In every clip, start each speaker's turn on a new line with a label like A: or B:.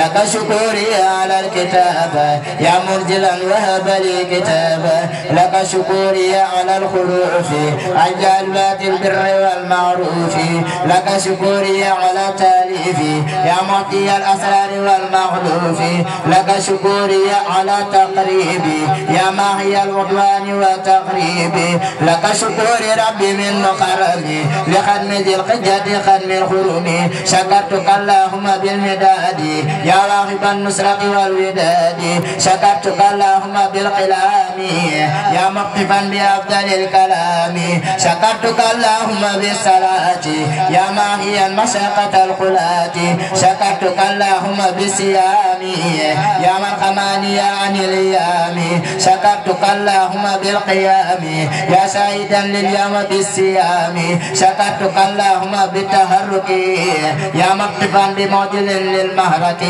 A: لك شكوري على الكتاب يا مرجلا وهب لي كتابة لك شكوري على الخلوف الجلبات البر والمعروف لك شكوري على تاليفي يا معطي الأسرار والمخلوف لك شكوري على تقريبي يا ماهي العدوان وتقريبي لك شكوري ربي من لخدم لخدمة القجة خدم الخرومي شكرتك اللهم بالمداد يا راغب النصرة والوداد شكرتك اللهم بالقلام يا مقتفا بأفضل الكلام شكرتك اللهم بالصلاة يا ماهيا مشقة القلاة شكرتك اللهم بالصيام يا مرحماني عن الأيام شكرتك اللهم بالقيام يا سعيدا لليوم بالصيام شكرتك اللهم بالتهرك يا مقتفا بمعجل للمهرة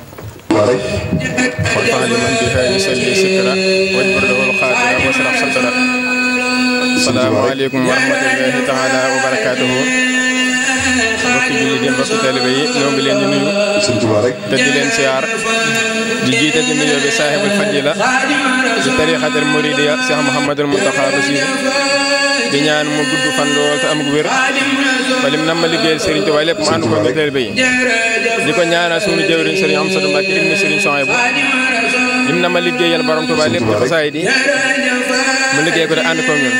B: rek kon tax li man bi xëy na seen lii sikkira waj bur dawal xaatira wasraf satara salaamaaleykum wa rahmatullahi taala wa barakaatuhu mbokki julli di mbokki taalibe yi ñoo ngi leen di nuyu te di leen siyaar di jiite di nuyoo bi saahibul fadila di tariixatul muridiya Cheikh Mouhamadul Muntaxa Basiir di ñaan mu gudd fan lool te am gu wér ba lim nam ma liggéeyal Serigne Touba lépp mu ànd ko ngi taalibe yi di ko ñaanal suñu jëwriñ Serigne Amsatu Mbàkke ibnu Serigne Souhaïbou lim nam ma liggéeyal borom Touba lépp ci xasaay di mu liggéey ko te ànd ko ñun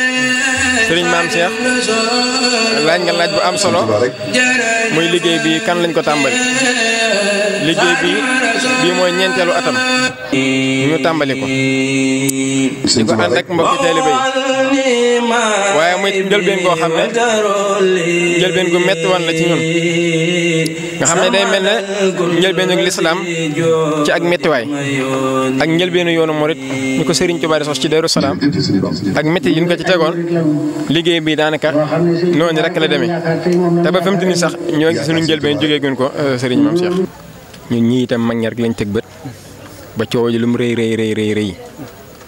B: Maam Cheikh laaj nga laaj bu am solo muy liggéey bi kan lañ ko tàmbali liggéey bi bii mooy ñeenteelu atam ñu tàmbali ko di ko ànd ak mbokki taalibe yi waaye muy njëlbeen goo xam ne njëlbeen gu metti wan la ci ñun nga xam ne day mel na njëlbeenu lislaam ci ak mettiwaay ak njëlbeenu yoonu murit ñu ko Sëriñ Tuubaa sos ci Daaru Salaam ak metti yi ñu ko ci tegoon liggéey bi daanaka noonu rek la demee te ba fi sax ñoo ngi suñu njëlbeen jógee gun ko euh, Sëriñ Maam Cheikh ñun ñii itam mag ñi rek teg bët ba coow ji lu mu rëy rëy rëy rëy rëy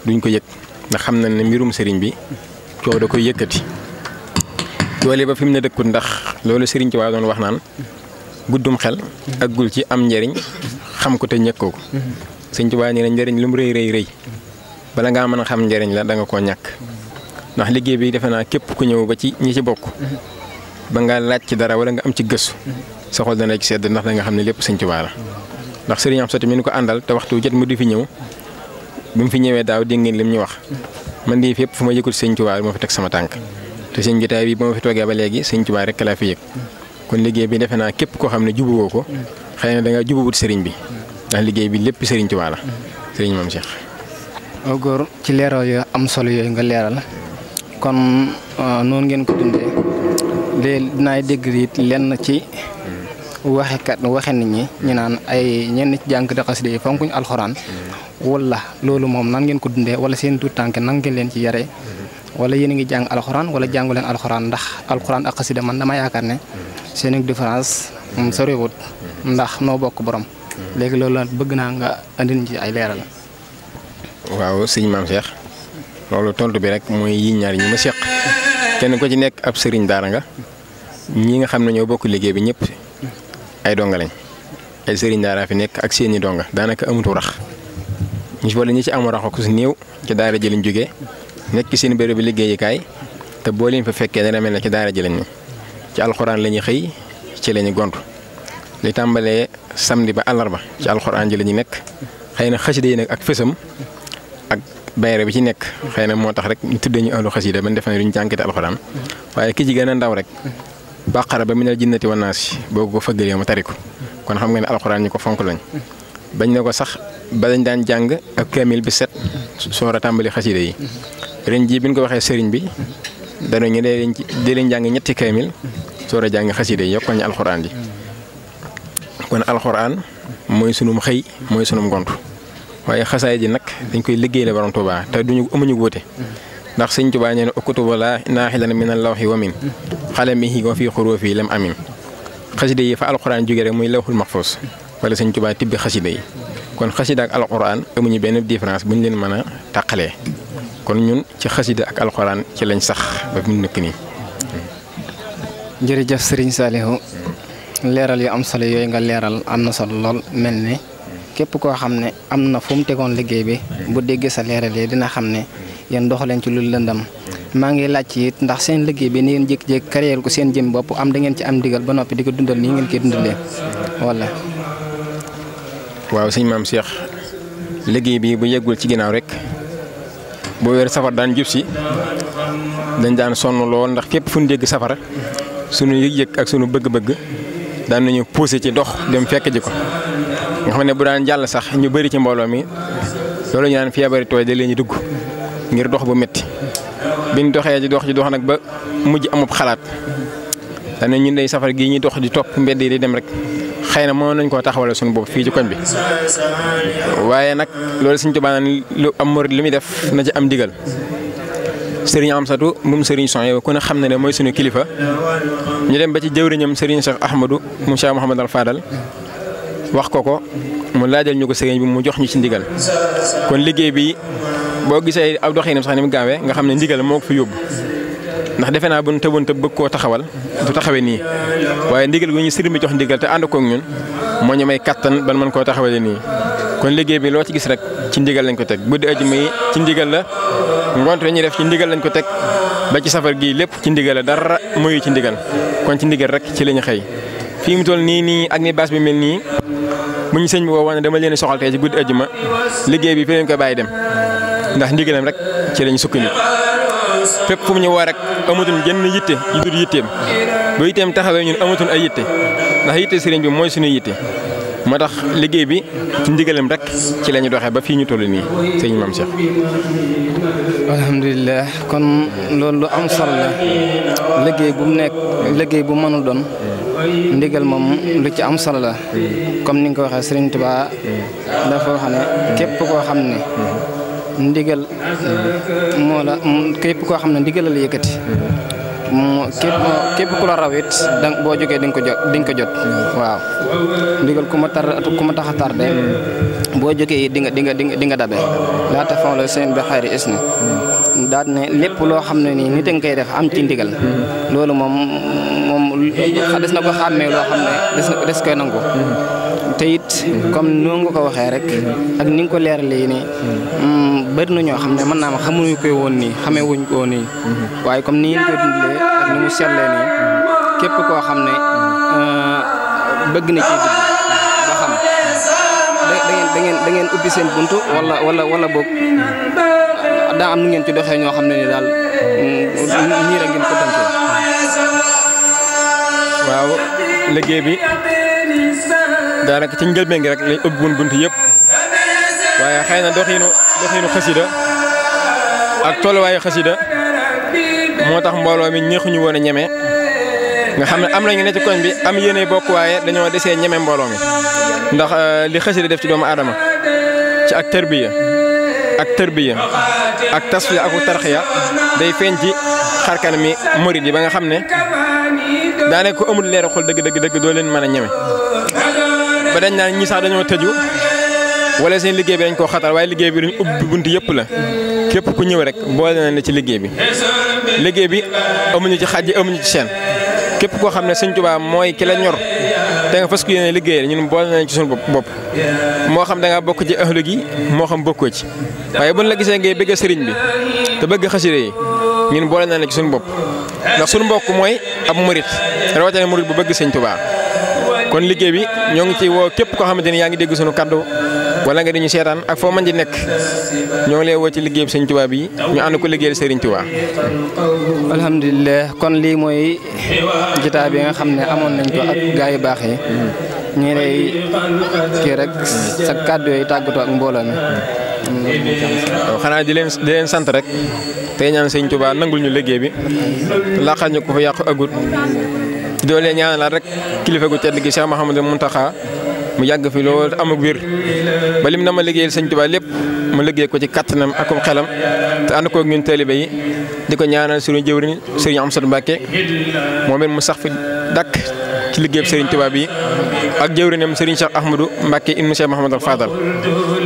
B: duñ ko yëg ndax xam na ne mbirum sëriñ bi coow da koy yëkkati doole ba fi mu ne dëkkut ndax loolu sëriñ ci waa doon wax naan guddum xel ak gul ci am njariñ xam ko te ñëkkoo ko sëñ ci waa nee na njariñ lu mu rëy rëy rëy bala ngaa mën a xam njariñ la danga nga koo ñàkk ndax liggéey bi defe naa képp ku ñëw ba ci ñi ci bokk ba nga laaj ci dara wala nga am ci gëstu sa xol dana ci sedd ndax da nga xam ne lépp sëñ Tuubaa la ndax sëriñ Amsatu mi ñu ko àndal te waxtu jot mu di fi ñëw bi mu fi ñëwee daaw dégg ngeen mu ñu wax man di fépp fu ma yëgul sëñ Tuubaa moo fi teg sama tànk te sëñ jotaay bi ba ma fi toogee ba léegi sëñ Tuubaa rek laa fi yëg kon liggéey bi defe naa képp koo xam ne woo ko xëy na da nga jubuwut sëriñ bi ndax liggéey bi lépp sëriñ Tuubaa la sëriñ Maam Cheikh.
C: waaw ci leeral yooyu am solo yooyu nga leeral kon euh, noonu ngeen ko dundee léegi dinaay dégg ci waxe waxekat waxe nit ñi ñu naan ay ñen ci jàng da xaside yi fonkuñ alxuraan wala lolu mom nan ngeen ko dundé wala seen tout tànk nan ngeen leen ci yare wala yeen ngi jang alcorane wala jàngu leen alxuraan ndax alcorane ak xaside man dama yaakar ne seen différence mom sori wut ndax no bok borom légui lolu bëgg na nga andin ci ay léral
B: waaw seigne mam cheikh lolu tontu bi rek moy yi ñaar ñi ma cheikh kenn ko ci nek ab sëriñ dara nga ñi nga xamna ñoo bokk liggéey bi ñepp ay donga lañ ay sëriñ daara fi nekk ak seeni donga daanaka amatu rax ñu wala ñi ci amu rax ku si néew ci daara ji jóge nekk ci seen bërëb bi liggéeyukaay te boo leen fa fekkee dana mel ne ci daara ji ci alxuraan la ñuy xëy ci lañuy ñu gont li tàmbalee samdi ba àllarba ci alxuraan ji la ñu nekk xëy na xasida yi nag ak fësam ak bayre bi ci nekk xëy na moo tax rek ñu tuddee ñu ahlu xasida ba ñu def ne duñu jànkite alxuraan waaye ki ci gën a ndaw rek baqara ba minal jinnati wa naasi boo ko fëggalee ma tari ko kon xam nga ne alxuraan ñu ko fonk lañ bañ ne ko sax ba lañ daan jàng ak kaamil bi set soora tàmbali xasida yi ren jii bi ñu ko waxee sëriñ bi dana ñu dee leen dee leen jàng ñetti kaamil soora jàng xasida yi yokkal ñu alxuraan ji kon alxuraan mooy sunum xëy mooy sunum ngont waaye xasaay ji nag dañ koy liggéey la borom Tuubaa te duñu amuñu wóote ndax sëñ Tuubaa nee na ukkutu wala naaxilan min allawxi wa min xalamihi wa fi xuruufi lam amin xasida yi fa alxuraan jóge rek muy lawxul maxfuus wala sëñ Tuubaa tibbi xasida yi kon xasida ak alxuraan amuñu benn différence bu ñu leen mën a tàqalee kon ñun ci xasida ak alxuraan ci lañ sax ba mu nekk nii. jërëjëf sëriñ Saliou
C: leeral yu am solo yooyu nga leeral am na solo lool mel ne képp koo xam ne am na fu mu tegoon liggéey bi bu déggee sa leeral yi dina xam ne yéen doxaleen ci lu lëndam ma ngi lacc it ndax seen liggéey bi ni ngeen jek jek créer ko seen jëm bop am da ngeen ci am digal ba nopi
B: diko dundal ni ngeen koy dundalee wala waaw seigne mam Cheikh liggéey bi bu yeggul ci ginaaw rek bu wër safar daan jupsi dañ daan sonu lool ndax fépp fuñu deg safara sunu yeg yeg ak sunu bëgg-bëgg daan nañu poussé ci dox dem fekk ji ko nga xamne bu daan jall sax ñu bari ci mbolo mi lolu ñaan daan toy de leñu dugg ngir dox bu metti biñ doxee di dox di dox nag ba mujj amub xalaat dana ñun day safar gii ñuy dox di topp mbedd yi di dem rek xëy na mënoon nañ koo taxawale suñu bopp fii ci koñ bi waaye nag loolu suñ Tuubaa lu am murid li muy def na ci am digal Serigne Amsatu moom sëriñ Son yow ku ne xam na ne mooy suñu kilifa ñu dem ba ci jëwriñam Serigne Cheikh Ahmadou mu Cheikh Mouhamad Al wax ko ko mu laajal ñu ko Serigne bi mu jox ñu ci ndigal kon liggéey bi boo gisee ab doxinam sax ni mu gaawe nga xam ne ndigal moo ko fi yóbbu ndax defe naa bu ñu tëboon te bëgg koo taxawal du taxawee nii waaye ndigal gu ñu sëriñ bi jox ndigal te ànd kook ñun moo ñu may kàttan ban man koo taxawee taxawalee nii. kon liggéey bi loo ci gis rek ci ndigal lañ ko teg guddi ajuma yi ci ndigal la ngont ñuy def ci ndigal lañ ko teg ba ci safar gii lépp ci ndigal la muyu ci ndigal kon ci ndigal rek ci lañu xëy fii mu toll nii nii ak ni baas bi mel nii mu ñu sëñ bi woo woon dama leen soxal tey ci guddi ajuma liggéey bi fi ko bàyyi dem ndax ndigalam rek ci lañ sukkandiku fépp fu ñu woo rek amatuñ jenn yitte yu dul yitteem ba yitteem taxawee ñun amatuñ ay yitte ndax yitte sëriñ bi mooy suñu yitte moo tax liggéey bi ci ndigalam rek ci la ñu doxee ba fii ñu toll nii sëñ Maam Cheikh.
C: kon loolu lu am solo la liggéey bu nekk liggéey bu mënul doon. ndigal moom lu ci am solo la comme ni nga ko waxee Serigne Touba dafa wax ne képp koo xam ne ndigal moo la képp koo xam ne ndigal la yëkkati mu képp ku la rawit boo jógee di nga ko jot di nga ko jot waaw ndigal ku ma tar ku ma tax a tardé boo jógee di nga di nga di nga dabe laata fon la seen ba xayri is ni daal ne lépp loo xam ne nii nit a nga koy def am ci ndigal loolu moom moom na ko xàmmee loo xam ne des koy nangu te it comme noo nga ko waxee rek ak ni nga ko leeralee nii mm, bëri na ñoo xam ne mën naa ma xamuñu koy woon nii xamee wuñ ko woon nii waaye comme ni ngeen koy dundalee ak ni mu sellee nii képp koo xam ne euh, bëgg na ci da ngeen da ngeen seen buntu wala wala wala boog daa am nu ngeen ci doxee ñoo xam ne ni daal mm, nii
D: rek ngeen ko tënkee
B: waaw liggéey bi daanaka ci njëlbeen ngi rek lañ ubbi bunt yëpp waaye xëy na doxiinu doxiinu xasida ak tolluwaayu xasida moo tax mbooloo mi ñeexuñu woon a ñeme nga xam ne am nañu ne ci koñ bi am yéene bokk waaye dañoo desee ñeme mbooloo mi ndax euh, li xasida def ci doomu aadama ci ak tërbiya ak tërbiya ak tasfiya aku tarxiya day feeñ ci xarkan mi murid yi ba nga xam ne daanaka ko amul leeru xol dëgg dëgg dëgg doo leen mën a ñeme ba dañ naan ñi sax dañoo tëju wala seen liggéey bi dañ koo xatal waaye liggéey bi luñ ubbi bunt yëpp la képp ku ñëw rek boole nañ la ci liggéey bi liggéey bi amuñu ci xaj amuñu ci seen képp koo xam ne sëñ Tuubaa mooy ki la ñor te nga fas yéene liggéey ñun boole nañ ci suñu bopp moo xam da bokk ci ahlu gi moo xam bokkoo ci waaye buñ la gisee ngay bëgg sëriñ bi te bëgg xasida yi ñun boole nañ la ci suñu bopp ndax suñu mbokk mooy ab murit rawatina murit bu bëgg sëñ Tuubaa kon liggéey bi ñoo ngi ci woo képp koo xamante ni yaa ngi dégg sunu kaddu wala nga di ñu seetaan ak foo man di nekk ñoo ngi lay woo ci liggéey bi sëñ Tuubaa bi ñu ànd ko liggéeyal sëriñ Tuubaa.
C: alhamdulilah kon lii mooy jotaay bi nga xam ne amoon nañ ko ak gaa yu baax yi. ñu ngi lay kii rek sa kàddu yooyu tàggatoo ak mbooloo
B: xanaa di leen di sant rek te ñaan sëñ Tuubaa nangul ñu liggéey bi laqal ñu ko fa yàqu agut. te doo leen ñaanal rek kilifa gu tedd gi Cheikh Mouhamadou Mountakha mu yàgg fi loolu am ak wér ba lim na ma liggéeyal sëñ Tuubaa lépp mu liggéey ko ci kattanam akum xelam te ànd koog ñun taalibe yi di ko ñaanal suñu jëwriñ sëriñ Amsatu Mbàkke moom it mu sax fi dàkk ci liggéeyam sëriñ Tuubaa yi ak jëwriñam sëriñ Cheikh Ahmadou Mbàkke ibnu Cheikh Mouhamadou Fadal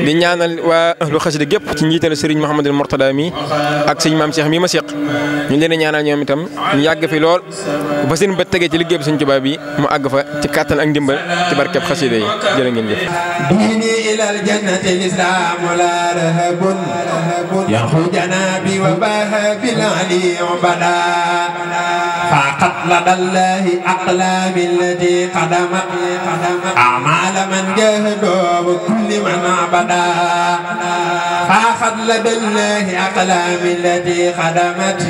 B: di ñaanal waa ahlu de gépp ci njiital sëriñ Mouhamadou Mourtada mii ak sëñ maam Cheikh mii ma seq ñu leen ñaana ñoom itam ñu yàgg fi lool ba seen bët tegee ci liggéey bi Sëñ Tuubaa bi mu àgg fa ci kàttan ak ndimbal ci barkeb xasida yi jërë ngeen jëf
D: dini ilal jannati
B: lislam la rahabun yaxu janabi wa bahabil ali ubada أطلب الله أقلام الذي قدم أعمال من جهد وكل من عبدا فأخذ لدى الله أقلام الذي قدمت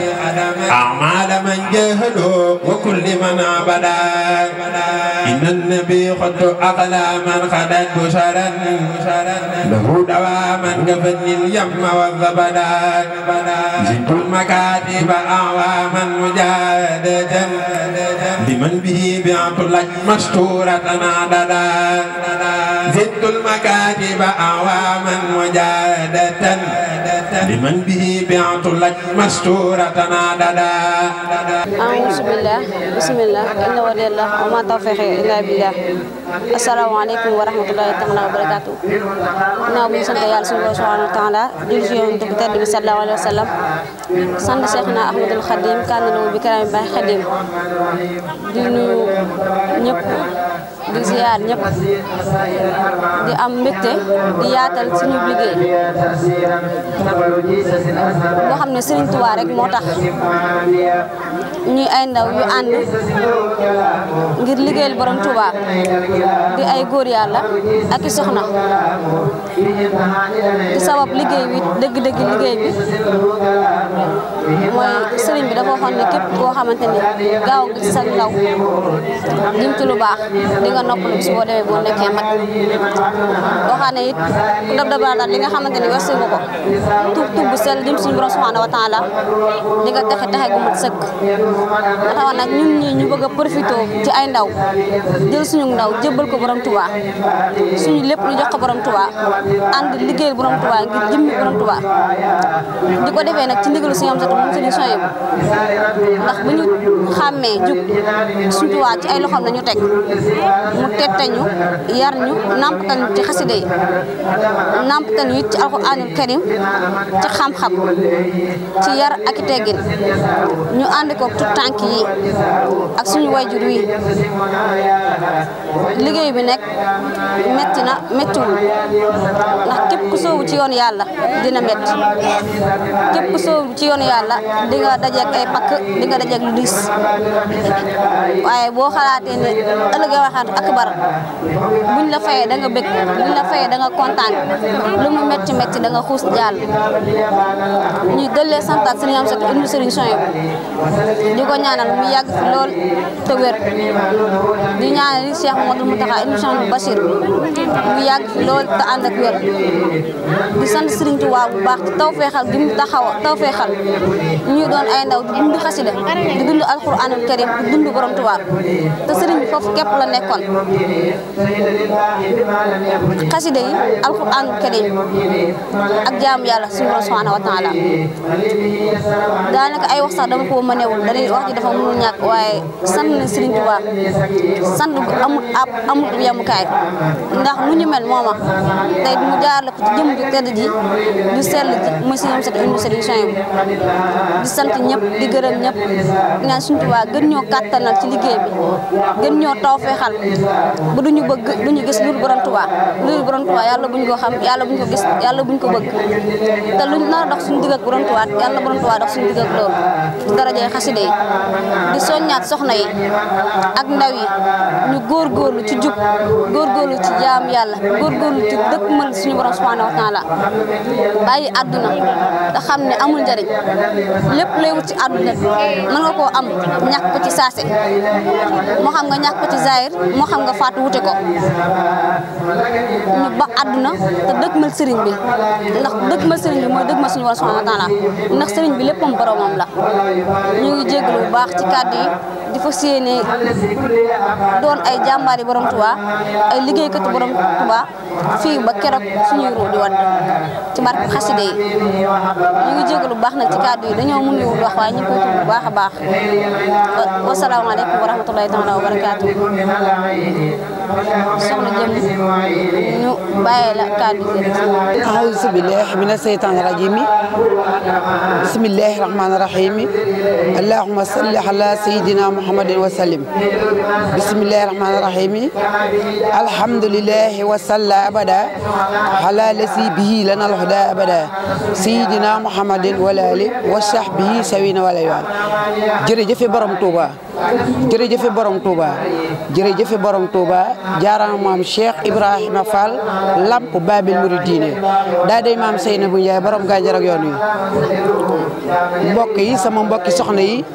B: أعمال من جهد وكل من عبدا إن النبي قد أقلى من خدت بشرا له دواما كفن اليم والزبدات زدت المكاتب أعواما مجادة لمن به بعت لك مشتورة عددا زدت المكاتب أعواما مجادة لمن به بعت لك مشتورة عددا
E: أعوذ بالله بسم الله إن ولي الله وما توفيقي wallaahi billaahi asalaamaaleykum wa rahmatulahi taala wa barakaatu ginnaaw bu ñu yàlla suñu borom subhanahu wa taala jul si Seexna Ahmadul Xadim kànnalawu bi karaami baay Xadim di nuyu ñëpp di ziar ñëpp di am mbégte di yaatal
A: suñu liggéey loo xam ne Sëriñ Tuubaa rek moo tax
E: ñuy ay ndaw yu ànd ngir liggéeyal borom Touba di ay góor yàlla ak i soxna di sabab liggéey bi dëgg-dëgg liggéey bi mooy sëriñ bi dafa waxoon ne képp koo xamante ni gaaw gi sa ndaw jëm ci lu baax di nga noppalu bis boo demee boo nekkee mag waxaa ne it ku dab dabal daal li nga xamante ni wersi nga ko tuub tuub bu sell jëm suñu borom subhanahu wa taala di nga texe texe gu mat sëkk taxaw nag ñun ñii ñu bëgg a ci ay ndaw jël suñu ndaw jébbal ko borom Tuuba suñu lépp lu jox ko borom Tuuba ànd liggéeyal borom Tuuba ngir jëmmi borom Tuuba di ko defee ci ndigalu suñu am moom suñu soyee ndax bu ñu xàmmee jug suñu tuwaat ci ay loxoom la ñu teg mu tettañu yar ñu nàmpatal ci xasida yi nàmpatal ñu it ci karim ci xam-xam ci yar ak teggin ñu ànd ko tout tànk yi ak suñu wayjur yi liggéey bi nekk metti na méttiwul ndax képp ku soobu ci yoon yàlla dina métti képp ku soobu ci yoon yàlla yàlla di nga dajeeg ay pakk di nga dajeeg lu diis waaye boo xalaatee ne ëllëgee waxaat akbar buñ la fayee da nga bëgg buñ la fayee da nga kontaan lu mu métti métti da nga xuus jàll ñu dëllee santaat sëriñ am sat ibnu sëriñ soyo di ko ñaanal mu yàgg fi lool te wér di ñaanal li Cheikh Mamadou Moutaxa ibnu Cheikh Bachir mu lool te ak
A: di sant sëriñ bu
E: baax mu taxaw ñuy doon ay ndaw di dund xasida di dund alxuraanul karim di dund borom tubaab te sëriñ bi foofu képp la nekkoon xasida yi alxuraanul karim ak jaamu yàlla suñu borom subhaanahu wa taala daanaka ay wax dama ko mënewul dañuy wax ji dafa mënul ñàkk waaye sant na sëriñ Tuubaa sant bu amul ab amul yemukaay ndax nu ñu mel mooma tey mu jaar la ko ci jëm ju tedd ji sell ji muy si ñoom set indi solution yi di sant ñep di gërëm ñep nga suñu tuba gën ñoo katanal ci liggéey bi gën ñoo tawfé xal bu duñu bëgg duñu gis lu borom tuba lu borom tuba yalla buñ ko xam yalla buñ ko gis yalla buñ ko bëgg te luñ na dox suñu digg ak borom tuba yalla borom tuba dox suñu digg ak loolu darajay xasida yi di soññaat soxna yi ak ndaw yi ñu gor gorlu ci juk gor gorlu ci jaam yalla gor gorlu ci dekk man suñu borom subhanahu wa taala bayyi aduna da xamne amul njariñ lépp lay wut ci àdduna bi mën nga koo am ñàkk ko ci saase moo xam nga ñàkk ko ci zaahir moo xam nga faatu wute ko ñu ba àdduna te dëgmal sëriñ bi ndax dëgmal sëriñ bi mooy dëgmal suñu wala subhaanahu wa taala ndax sëriñ bi léppam boromam la
A: ñu ngi jégalu bu baax
E: ci kàddu di fas yéene doon ay jàmbaari borom Tuubaa ay liggéeykatu borom Tuubaa fii ba keroog suñuy ruu di wadd ci barke xaside yi ñu ngi jégalu baax nag ci kàddu yi dañoo mun wax waaye ñu ngi baax baax wasalaamaaleykum wa rahmatullahi taala wa
D: أعوذ بالله من الشيطان الرجيم بسم الله الرحمن الرحيم اللهم صل على سيدنا محمد وسلم بسم الله الرحمن الرحيم الحمد لله وصلى أبدا على الذي به لنا الهدى أبدا سيدنا محمد وآله وصحبه سوين ولا يعلم جري جفي برم توبه jeffe borom Touba jeffe borom Touba jaaram mam Cheikh Ibrahima Fall lamp Babil Mouridine dade mam maam Seynabou Ndiaye borom gànjar ak yoon wi mbokk yi sama mbokki soxna yi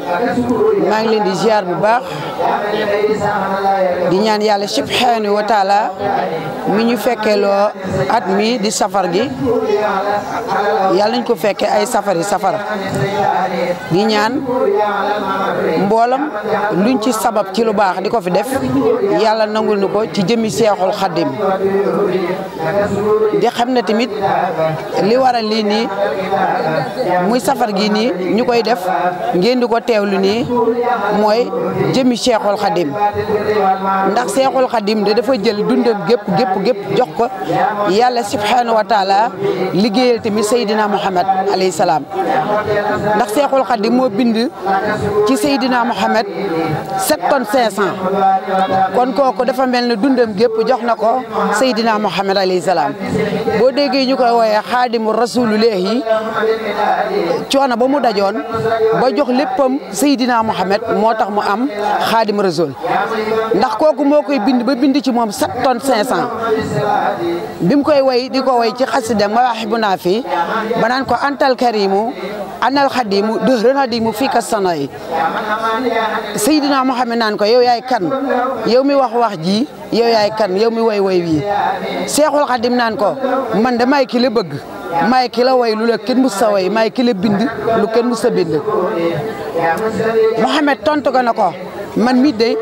D: ma ngi len di ziar bu baax di ñaan yalla subhanahu wa taala mi ñu fekkeloo at mi di safar gi yalla ñu ko fekke ay safari safar di ñaan mbolam luñ ci sabab ci lu bax diko fi def yalla nangul nuko ci jëmi cheikhul khadim di xam timit li waral li ni muy safar gi ni ñukoy def ngeen diko tewlu ni moy jëmi cheikhul khadim ndax cheikhul khadim de dafa jël dundam gep gep gep jox ko yalla subhanahu wa taala liggéeyal tamit Muhammad alayhi salam ndax cheikhul khadim mo bind ci Seydina Muhammad sept tonnes cinq cent kon kooku dafa mel ne dundam gépp jox na ko Seydina Mouhamed alayhi boo déggee ñu koy wooyee xaadimu rasulullahi coono ba mu dajoon ba jox léppam Seydina Mouhamed moo tax mu am xaadimu rasul ndax kooku moo koy bind ba bind ci moom sept tonnes cinq cent bi mu koy woy di ko woy ci xasida mawaahibuna fi ba naan ko antal karimu anal xadimu dëhran xadimu fii ka Seydina Mohamed naan ko yow yaay kan yow mi wax wax ji yow yaay kan yow mi way way wii Seexul Xadim naan ko man de maay ki bëgg may ki la way lu la kenn mus sa way maay ki la bind lu kenn mus bind Mohamed tontu ko na ko man mii de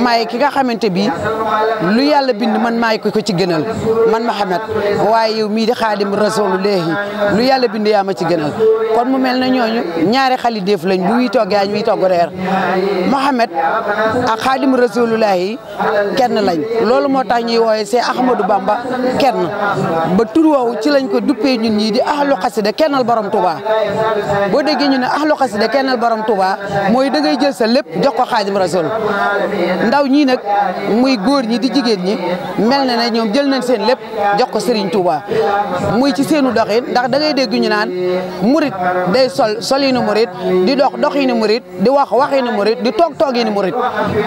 D: maay ki nga xamante bi lu yàlla bind man may ko ko ci gënal man Mouhamed waaye yow mii di xaadim rasulullahi lu yàlla bind yaa ma ci gënal kon mu mel na ñooñu ñaari xali def lañ bu wii togg añ wii togg reer Mouhamed ak xaadim rasulullahi kenn lañ loolu moo tax ñuy wooye c'est Ahmadou Bamba kenn ba tur woowu ci lañ ko duppee ñun ñii di ahlu xasida kennal borom Touba boo déggee ñu ne ahlu xasida kennal borom Touba mooy da jël sa lépp xaadim rasul ndaw ñii nag muy góor ñi di jigéen ñi mel na ne ñoom jël nañ seen lépp jox ko Serigne Touba muy ci seenu doxin ndax da ngay dégg ñu naan murit day sol solinu murit di dox doxinu murit di wax waxinu murit di toog tooginu murit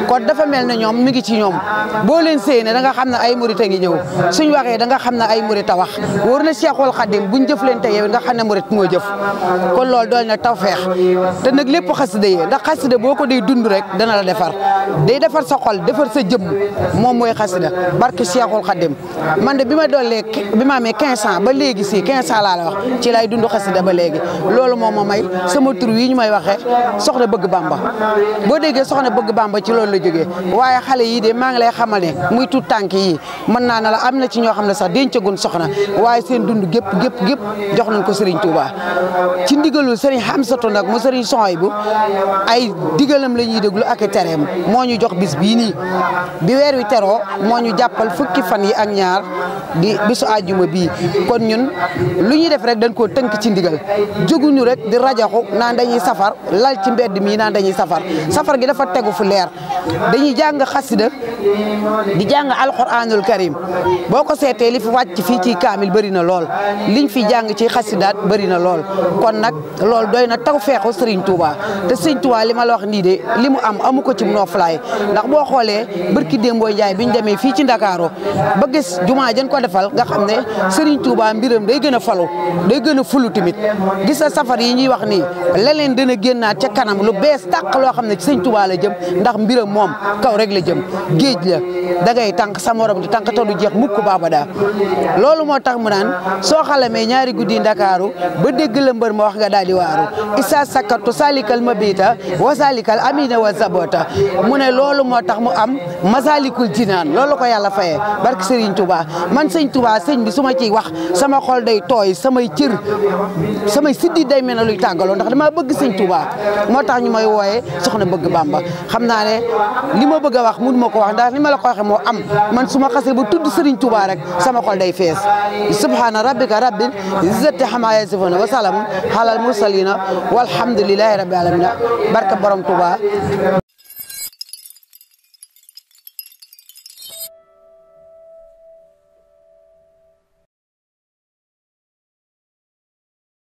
D: kon dafa mel ne ñoom mu ngi ci ñoom boo leen séenee da nga xam ne ay murit a ngi ñëw suñ waxee da nga xam ne ay murit a wax wóor na Cheikhul Khadim buñ jëflante yow nga xam ne murit moo jëf kon loolu dool na tawfeex te nag lépp xasida dana la defar day defar sa xol defar sa jëmm moom mooy xasida barke Cheikhul Khadim man de bi ma dollee bi ma amee 15 ans ba léegi si 15 ans laa la wax ci lay dund xasida ba léegi loolu moo ma may sama tur yi ñu may waxee soxna bëgg Bamba boo déggee soxna bëgg Bamba ci loolu la jógee waaye xale yi de maa ngi lay xamal ne muy tu tànk yi mën naa ne la am na ci ñoo xam ne sax dencagun soxna waaye seen dund gépp gépp gépp jox nañ ko Serigne Touba ci ndigalul Serigne Hamsatou nag ak i tereem moo ñu jox bis bii nii bi weer wi teroo moo ñu jàppal fukki fan yi ak ñaar di bisu àjjuma bii kon ñun lu ñuy def rek dañ koo tënk ci ndigal jóguñu rek di rajaxu naan dañuy safar lal ci mbedd mii naan dañuy safar safar gi dafa tegu fu leer dañuy jàng xasida di jàng alquranul karim boo ko seetee li fi wàcc fii ci kaamil bëri na lool liñ fi jàng ci xasidaat bëri na lool kon nag loolu doy na taw feexu Serigne Touba te Serigne Touba li ma la wax amu ko ci noflaay ndax boo xoolee barki démbooy jaay bi ñu demee fii ci Ndakaaru ba gis jumaa jën ko defal nga xam ne Serigne Touba mbiram day gën a falu day gën a fulu tamit gis na safar yi ñuy wax ni nii leneen dana génnaat ca kanam lu bees tàq loo xam ne ci Serigne Touba la jëm ndax mbiram moom kaw rek la jëm géej la da ngay tànk sa morom di tànk te du jeex mukk baaba daa loolu moo tax mu naan soo xalamee ñaari guddi Ndakaaru ba dégg la mbër ma wax nga daal di moo tax mu ne loolu moo tax mu am masalikul jinaan loolu ko yàlla fayee barke Serigne Touba man sëñ Touba sëñ bi su ma ciy wax sama xol day tooy samay sama samay siddi day mel ne luy tàggaloo ndax damaa bëgg sëñ Touba moo tax ñu may wooyee soxna bëgg Bamba xam naa ne li ma bëgg a wax mun ma ko wax ndax li ma la ko moo am man su ma xasee ba tudd Serigne Touba rek sama xol day fees subhaana rabbika rabbil izzati amma yasifuuna wa salaam alal mursaliina walhamdulillahi rabbil